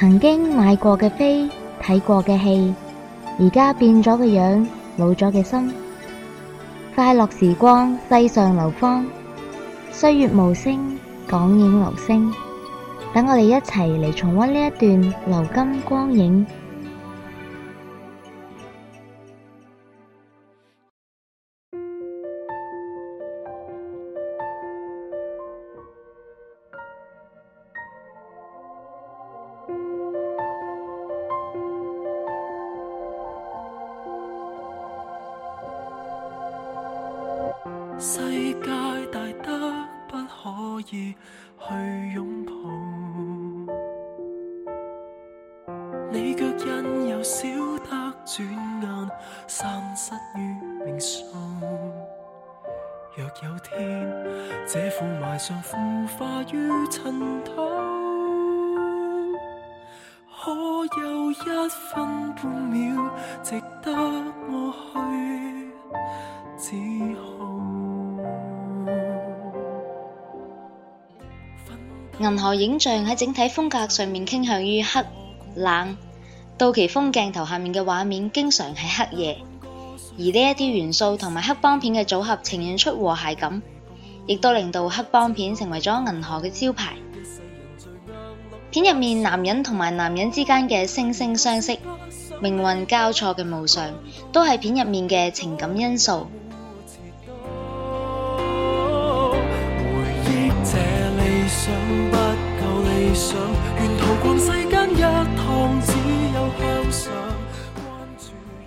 曾經買過嘅飛，睇過嘅戲，而家變咗嘅樣，冇咗嘅心。快樂時光，世上流芳，歲月無聲，光影流星。等我哋一齊嚟重温呢一段流金光影。土，可有一分半秒值得我去自豪。銀河映像喺整體風格上面傾向於黑、冷，杜琪峰鏡頭下面嘅畫面經常係黑夜，而呢一啲元素同埋黑幫片嘅組合，呈現出和諧感。亦都令到黑幫片成為咗銀河嘅招牌。 片入面，男人同埋男人之間嘅惺惺相惜、命運交錯嘅無常，都係片入面嘅情感因素。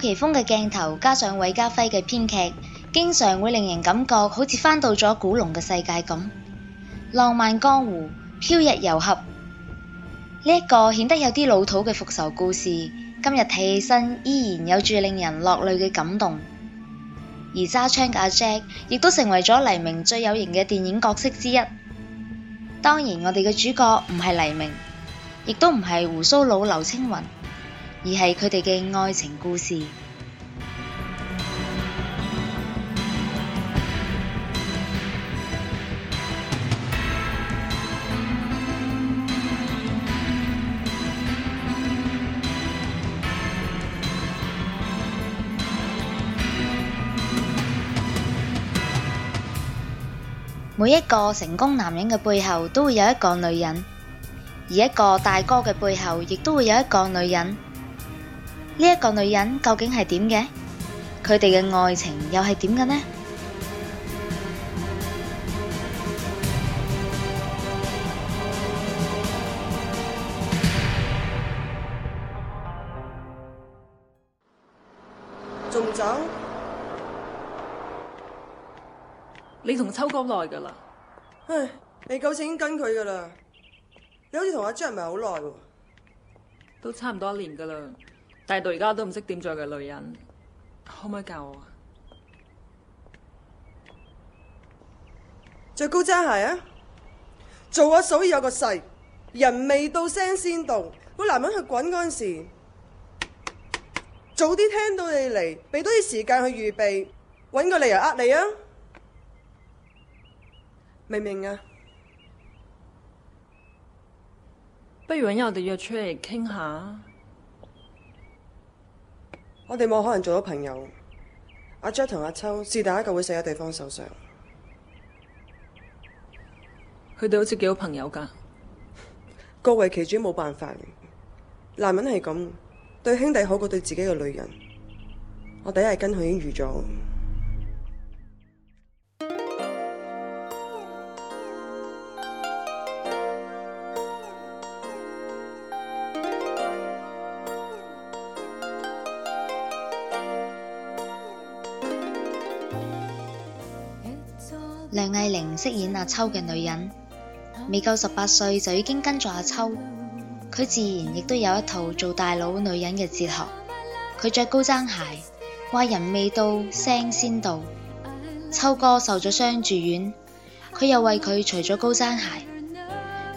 琪峰嘅鏡頭加上韋家輝嘅編劇，經常會令人感覺好似返到咗古龍嘅世界咁，浪漫江湖，飄逸遊俠。呢、這、一個顯得有啲老土嘅復仇故事，今日睇起身依然有住令人落淚嘅感動。而揸槍嘅阿 Jack 亦都成為咗黎明最有型嘅電影角色之一。當然，我哋嘅主角唔係黎明，亦都唔係鬍鬚佬劉青雲。而係佢哋嘅愛情故事。每一個成功男人嘅背後都會有一個女人，而一個大哥嘅背後亦都會有一個女人。呢一個女人究竟係點嘅？佢哋嘅愛情又係點嘅呢？仲唔走？你同秋哥耐噶啦？唉，你夠錢跟佢噶啦？你好似同阿張唔係好耐喎？都差唔多一年噶啦。但到而家都唔識點做嘅女人，可唔可以教我？着高踭鞋啊！做啊，所以有個勢。人未到聲先動，個男人去滾嗰陣時，早啲聽到你嚟，俾多啲時間去預備，揾個理由呃你啊！明唔明啊？不如搵日我哋約出嚟傾下。我哋冇可能做到朋友，阿 Jack 同阿秋是但一個會死喺對方手上，佢哋好似幾好朋友噶，各為其主冇辦法，男人係咁，對兄弟好過對自己嘅女人，我第一日跟佢已經預咗。梁藝玲飾演阿秋嘅女人，未夠十八歲就已經跟咗阿秋，佢自然亦都有一套做大佬女人嘅哲學。佢着高踭鞋，話人未到聲先到。秋哥受咗傷住院，佢又為佢除咗高踭鞋。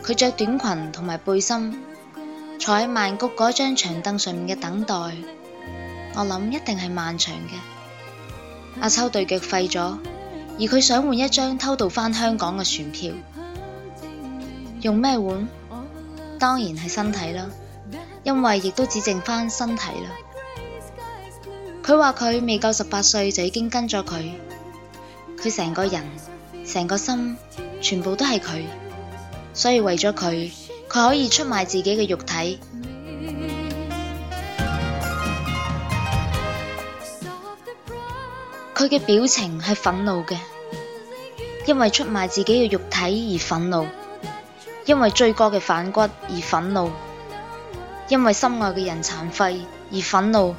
佢着短裙同埋背心，坐喺曼谷嗰張長凳上面嘅等待，我諗一定係漫長嘅。阿秋對腳廢咗。而佢想換一張偷渡返香港嘅船票，用咩換？當然係身體啦，因為亦都只剩返身體啦。佢話佢未夠十八歲就已經跟咗佢，佢成個人、成個心，全部都係佢，所以為咗佢，佢可以出賣自己嘅肉體。佢嘅表情係憤怒嘅，因為出賣自己嘅肉體而憤怒，因為追過嘅反骨而憤怒，因為心愛嘅人殘廢而憤怒。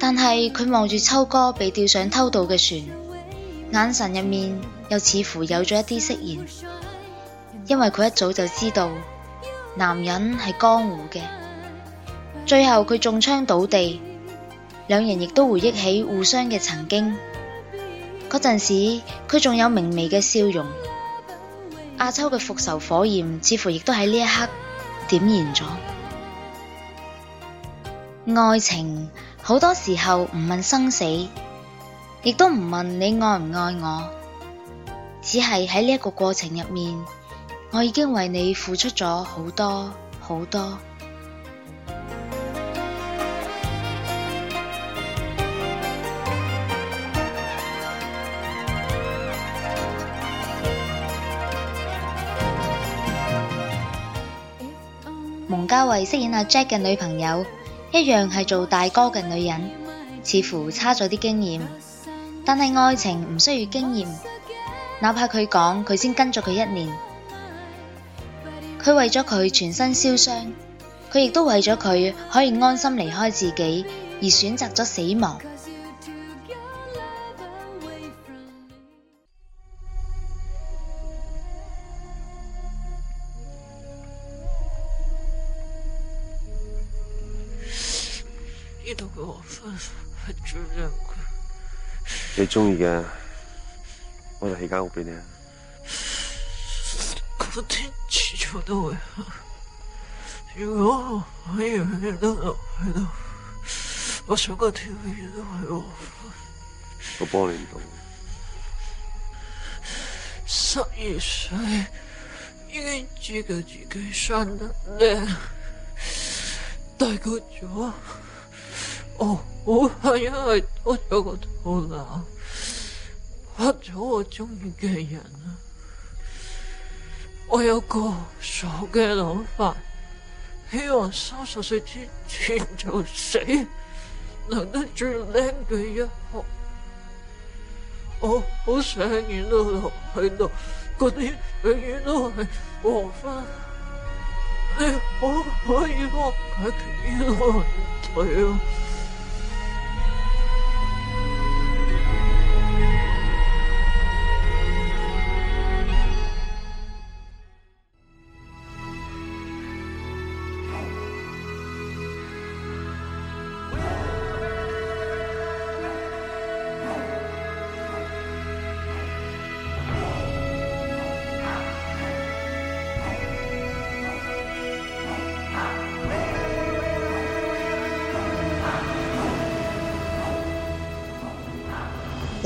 但係佢望住秋哥被吊上偷渡嘅船，眼神入面又似乎有咗一啲釋然，因為佢一早就知道男人係江湖嘅。最後佢中槍倒地。兩人亦都回憶起互相嘅曾經，嗰陣時佢仲有明媚嘅笑容，阿秋嘅復仇火焰似乎亦都喺呢一刻點燃咗。愛情好多時候唔問生死，亦都唔問你愛唔愛我，只係喺呢一個過程入面，我已經為你付出咗好多好多。蒙嘉慧飾演阿 Jack 嘅女朋友，一樣係做大哥嘅女人，似乎差咗啲經驗。但係愛情唔需要經驗，哪怕佢講佢先跟咗佢一年，佢為咗佢全身燒傷，佢亦都為咗佢可以安心離開自己而選擇咗死亡。你中意嘅，我就起間屋俾你啊！個天，遲早都會黑。如果喺永遠都喺度，我上個天都喺我。我幫你唔到。十二歲，已經知道自己生得靚，大個咗，我、哦。好怕因為多咗個肚腩，拍咗我中意嘅人啊！我有個傻嘅諗法，希望三十歲之前就死，留得住靚嘅一刻。我好想永遠都喺度，嗰啲永遠都係黃昏。你可唔可以幫佢叫一叫？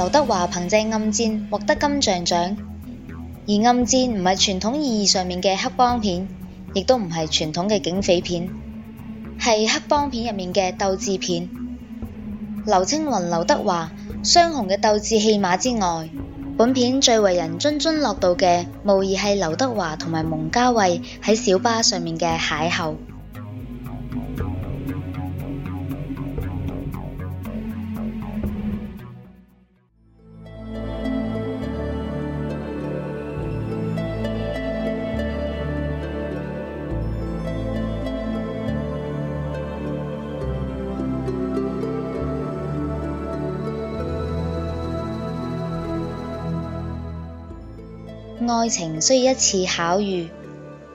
劉德華憑借《暗戰》獲得金像獎，而《暗戰》唔係傳統意義上面嘅黑幫片，亦都唔係傳統嘅警匪片，係黑幫片入面嘅鬥智片。劉青雲、劉德華雙雄嘅鬥智戲碼之外，本片最為人津津樂道嘅，無疑係劉德華同埋蒙嘉慧喺小巴上面嘅邂逅。愛情需要一次巧遇，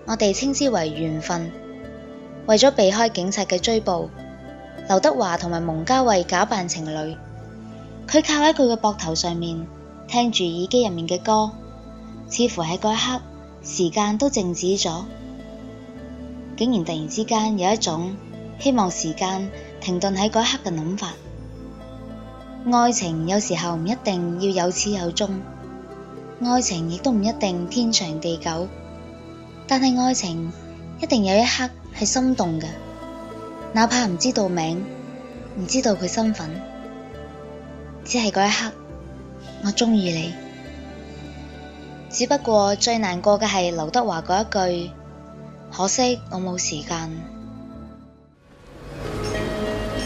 我哋稱之為緣分。為咗避開警察嘅追捕，劉德華同埋蒙嘉慧假扮情侶。佢靠喺佢嘅膊頭上面，聽住耳機入面嘅歌，似乎喺嗰一刻，時間都靜止咗。竟然突然之間有一種希望時間停頓喺嗰一刻嘅諗法。愛情有時候唔一定要有始有終。愛情亦都唔一定天長地久，但係愛情一定有一刻係心動嘅，哪怕唔知道名，唔知道佢身份，只係嗰一刻我鍾意你。只不過最難過嘅係劉德華嗰一句，可惜我冇時間。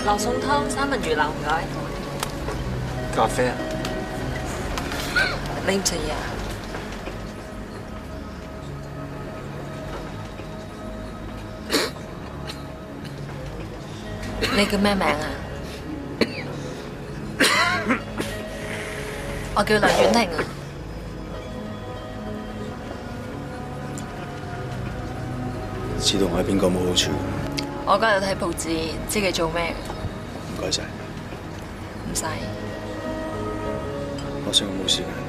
羅宋湯、三文魚腩，唔該。咖啡啊！林婷，你， 你叫咩名啊？ 我叫梁婉婷。知道我喺邊個冇好處？我今日睇報紙，知佢做咩。唔該晒，唔使。我想有冇時間。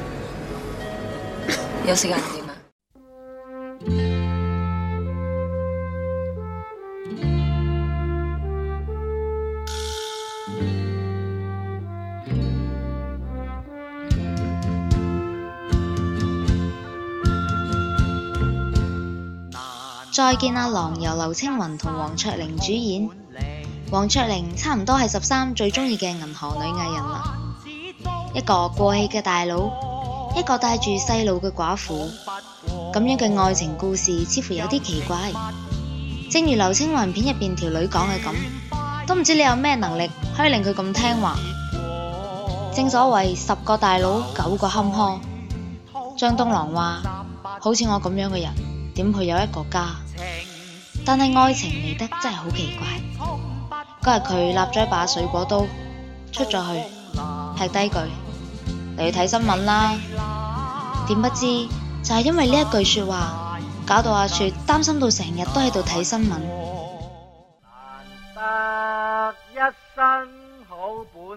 有再見阿郎，由劉青雲同黃卓玲主演，黃卓玲差唔多係十三最鍾意嘅銀河女藝人啦。一個過氣嘅大佬。一個帶住細路嘅寡婦，咁樣嘅愛情故事似乎有啲奇怪。正如劉青雲片入面條女講嘅咁，都唔知道你有咩能力可以令佢咁聽話。正所謂十個大佬九個坎坷。張東郎話，好似我咁樣嘅人，點去有一個家？但係愛情嚟得真係好奇怪。嗰日佢立咗一把水果刀，出咗去，劈低佢。你去睇新聞啦，點不知就係因為呢一句説話，搞到阿雪擔心到成日都喺度睇新聞。難得一生好本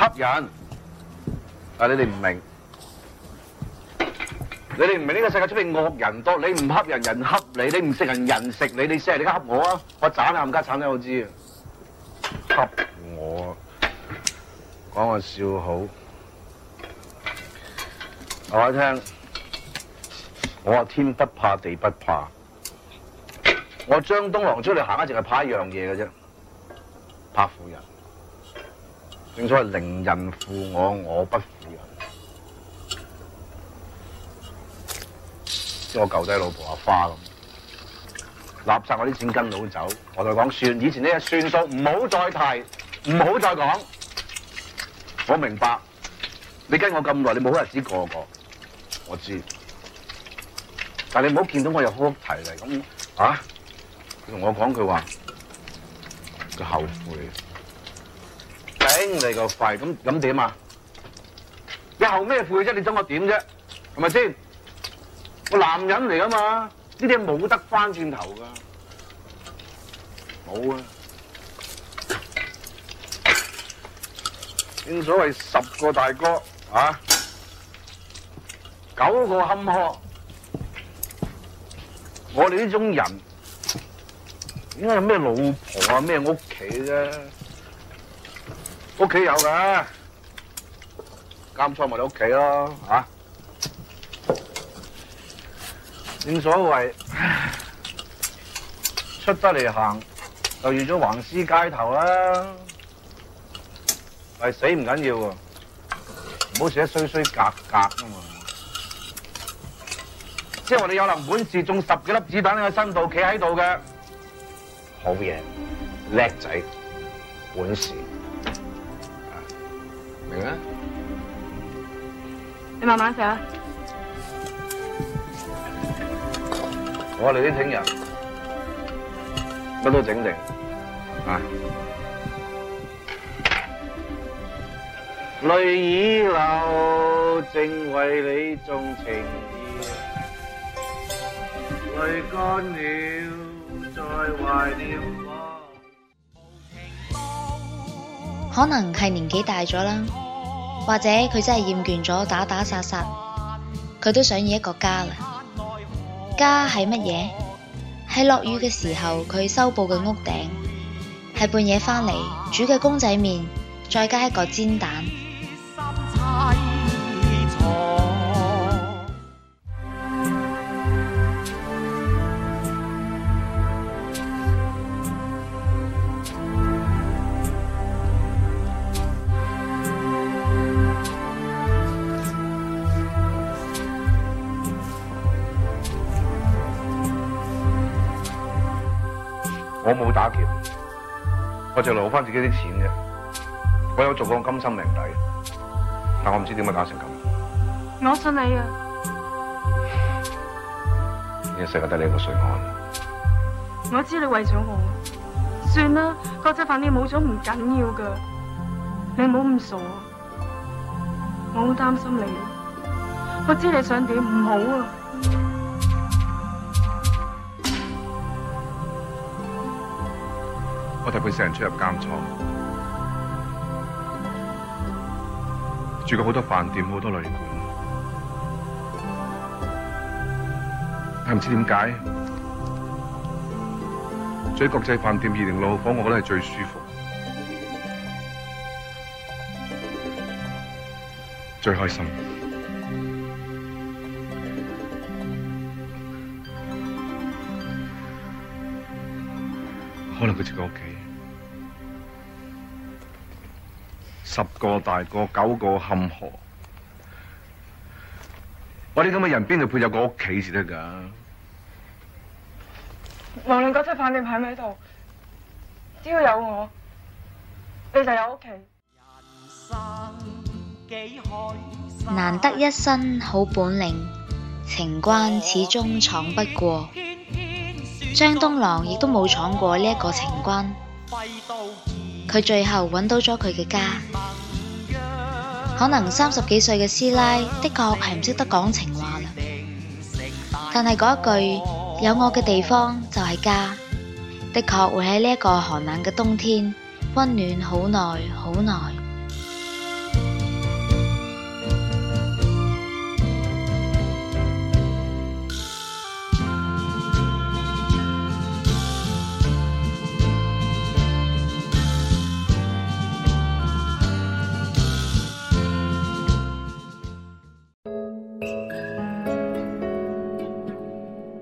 恰人，啊你哋唔明，你哋唔明呢個世界出邊惡人多，你唔恰人人恰你，你唔食人人食你，你死人你而家恰我啊！我斬你冚家鏟啦！我知啊，恰我，講個笑好，我聽，我話天不怕地不怕，我張東郎出嚟行一直係怕一樣嘢嘅啫，怕婦人。正所謂寧人負我，我不負人。即係我舊仔老婆阿花咁，垃圾我啲錢跟佬走，我同佢講算，以前呢嘢算數，唔好再提，唔好再講。我明白，你跟我咁耐，你冇日子過個，個，我知。但係你冇好見到我，我有哭啼嚟咁啊！佢同我講，佢話佢後悔。驚你個肺咁咁點啊？你後咩悔啫？你想我點啫？係咪先？個男人嚟噶嘛，呢啲冇得翻轉頭噶，冇啊！正所謂十個大哥啊，九個坎坷。我哋呢種人，應該有咩老婆啊？咩屋企啫？屋企有噶，監倉咪你屋企咯嚇，正所謂出得嚟行就預咗橫屍街頭啦，係死唔緊要喎，唔好死得衰衰格格，嘛、啊。即係話你有能本事，中十幾粒子彈，你喺身度企喺度嘅，好嘢，叻仔，本事。你慢慢食啊！我哋啲聽日乜都整定啊！淚已流，正為你重情義，淚乾了再懷念我。可能係年紀大咗啦。或者佢真係厭倦咗打打殺殺，佢都想要一個家啦。家係乜嘢？係落雨嘅時候佢修補嘅屋頂，係半夜返嚟煮嘅公仔麵，再加一個煎蛋。我冇打劫，我就留攞翻自己啲錢嘅。我有做過金身命底，但我唔知點解打成咁。我信你啊！你個世界得你一個水岸。我知你為咗我，算啦，國際飯店冇咗唔緊要噶。你唔好咁傻，我好擔心你。我知你想點，唔好啊！我哋會成日出入監倉，住過好多飯店、好多旅館，但唔知點解，所以國際飯店二零六號房，我覺得係最舒服、最開心。 可能佢住喺屋企。十個大個，九個坎坷。我啲咁嘅人邊度配有個屋企先得噶？無論嗰出飯店喺唔喺度，只要有我，你就有屋企。難得一身好本領，情關始終闖不過。張東郎亦都冇闖過呢一個情關。佢最後揾到咗佢嘅家，可能三十幾歲嘅師奶的確係唔識得講情話啦。但係嗰一句有我嘅地方就係家，的確會喺呢一個寒冷嘅冬天溫暖好耐好耐。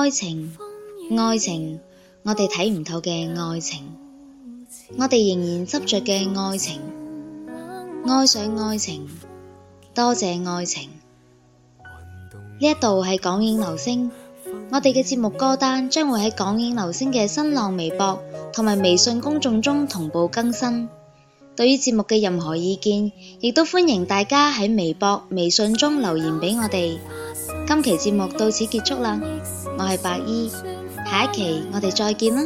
愛情，愛情，我哋睇唔透嘅愛情，我哋仍然執着嘅愛情，愛上愛情，多謝愛情。呢一度係港影流星，我哋嘅節目歌單將會喺港影流星嘅新浪微博同埋微信公眾中同步更新。對於節目嘅任何意見，亦都歡迎大家喺微博、微信中留言俾我哋。今期節目到此結束啦，我係白衣，下一期我哋再見啦。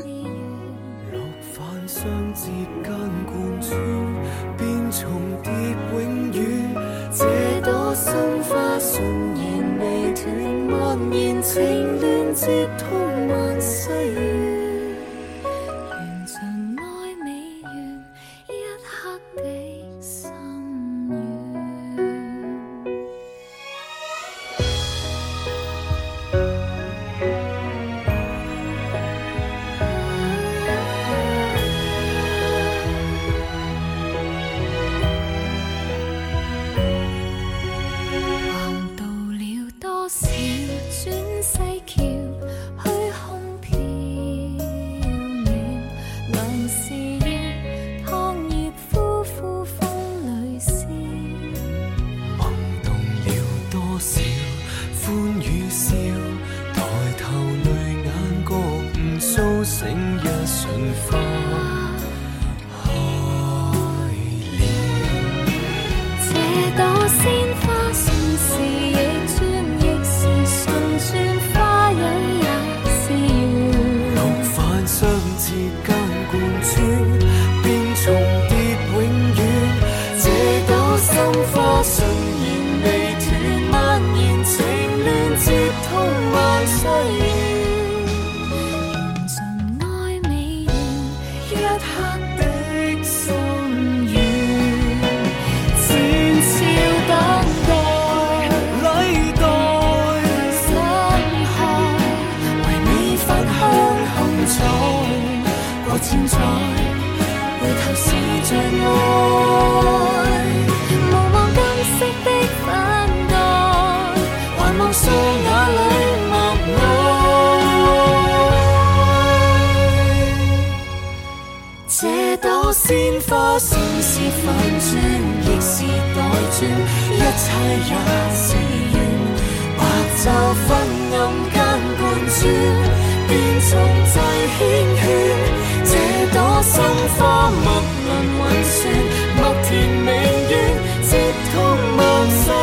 落返相接間貫穿變重疊永遠這朵心花信念未斷蔓延情戀接通萬世。花心是反轉，亦是待轉，一切也是緣。白晝昏暗間半轉，便重再繾綣。這朵心花莫論雲旋，莫填未願，直通陌生。